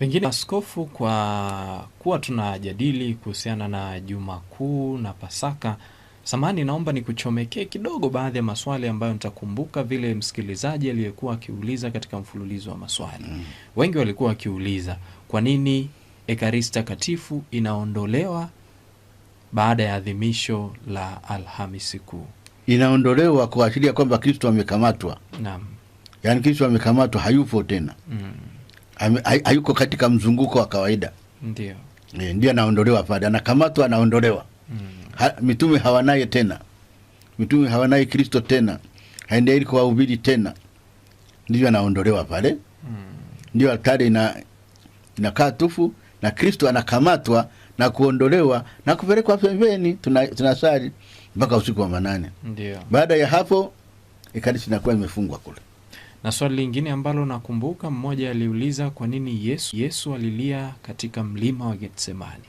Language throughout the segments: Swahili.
Pengine askofu, kwa kuwa tunajadili kuhusiana na Juma Kuu na Pasaka, samani, naomba nikuchomekee kidogo baadhi ya maswali ambayo nitakumbuka vile msikilizaji aliyekuwa akiuliza katika mfululizo wa maswali mm. Wengi walikuwa wakiuliza kwa nini Ekaristi Takatifu inaondolewa baada ya adhimisho la Alhamisi Kuu. Inaondolewa kuashiria kwamba Kristo amekamatwa. Naam, yaani Kristo amekamatwa, hayupo tena mm hayuko katika mzunguko wa kawaida ndio e, ndio anaondolewa pale, anakamatwa, anaondolewa mm. ha, mitume hawanaye tena, mitume hawanaye Kristo tena, haendelei kuwahubiri tena, ndivyo anaondolewa pale mm. ndio altari ina inakaa tufu na Kristo anakamatwa na kuondolewa na kupelekwa pembeni, tunasali tuna mpaka usiku wa manane. Ndio baada ya hapo, Ekaristi inakuwa imefungwa kule. Na swali lingine ambalo nakumbuka, mmoja aliuliza kwa nini Yesu, Yesu alilia katika mlima wa Getsemani.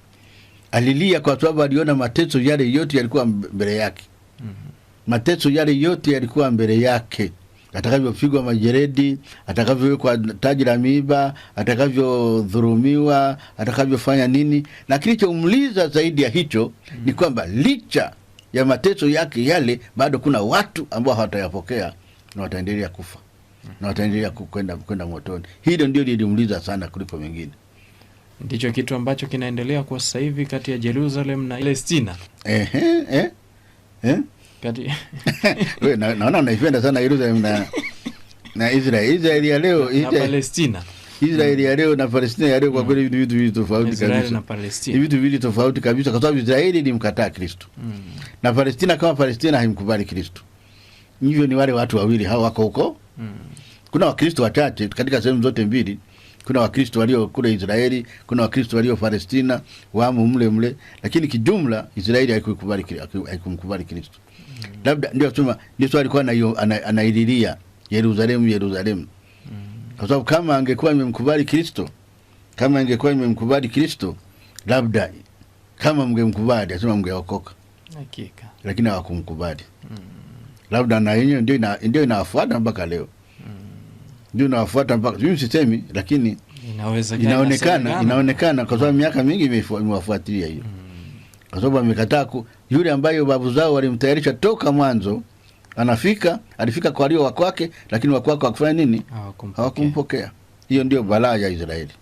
Alilia kwa sababu aliona mateso yale yote yalikuwa mbele yake. mm -hmm. Mateso yale yote yalikuwa mbele yake, atakavyopigwa majeredi, atakavyowekwa taji la miiba, atakavyodhurumiwa, atakavyofanya nini. Na kilichomliza zaidi ya hicho mm -hmm. ni kwamba licha ya mateso yake yale, bado kuna watu ambao hawatayapokea na wataendelea kufa na wataendelea kwenda kwenda motoni. Hilo ndio lilimuliza sana kuliko mengine. Ndicho kitu ambacho kinaendelea kwa sasa hivi kati ya Jerusalem na Palestina. Ehe, eh, eh. Kati wewe naona unaipenda sana Jerusalem na na Israel. Israel ya leo na, Palestina. Israel mm. ya leo na Palestina ya leo kwa mm. kweli vitu vitu vitu tofauti kabisa. Vitu vitu tofauti kabisa kwa sababu Israeli ilimkataa Kristo. Mm. Na Palestina kama Palestina haimkubali Kristo. Hivyo ni wale watu wawili hao wako huko kuna Wakristo wachache katika sehemu zote mbili. Kuna Wakristo walio kule Israeli, kuna Wakristo walio Palestina, wamo mle mle, lakini kijumla Israeli haikukubali haikumkubali Kristo. mm. Labda ndio sema ndio swali kwa anaililia Yerusalemu, Yerusalemu mm. kwa sababu kama angekuwa imemkubali Kristo, kama angekuwa imemkubali Kristo, labda kama mngemkubali, asema mngeokoka, lakini hawakumkubali mm labda na yenyewe ndio ina, ndio inawafuata mpaka leo mm. ndio inawafuata mpaka mimi sisemi, lakini inaonekana inaonekana kwa sababu miaka mingi imewafuatilia hiyo mm. kwa sababu amekataa yule ambayo babu zao walimtayarisha toka mwanzo anafika alifika kwa walio wakwake, lakini wakwake wakufanya nini? Hawakumpokea. Hiyo ndio balaa ya Israeli.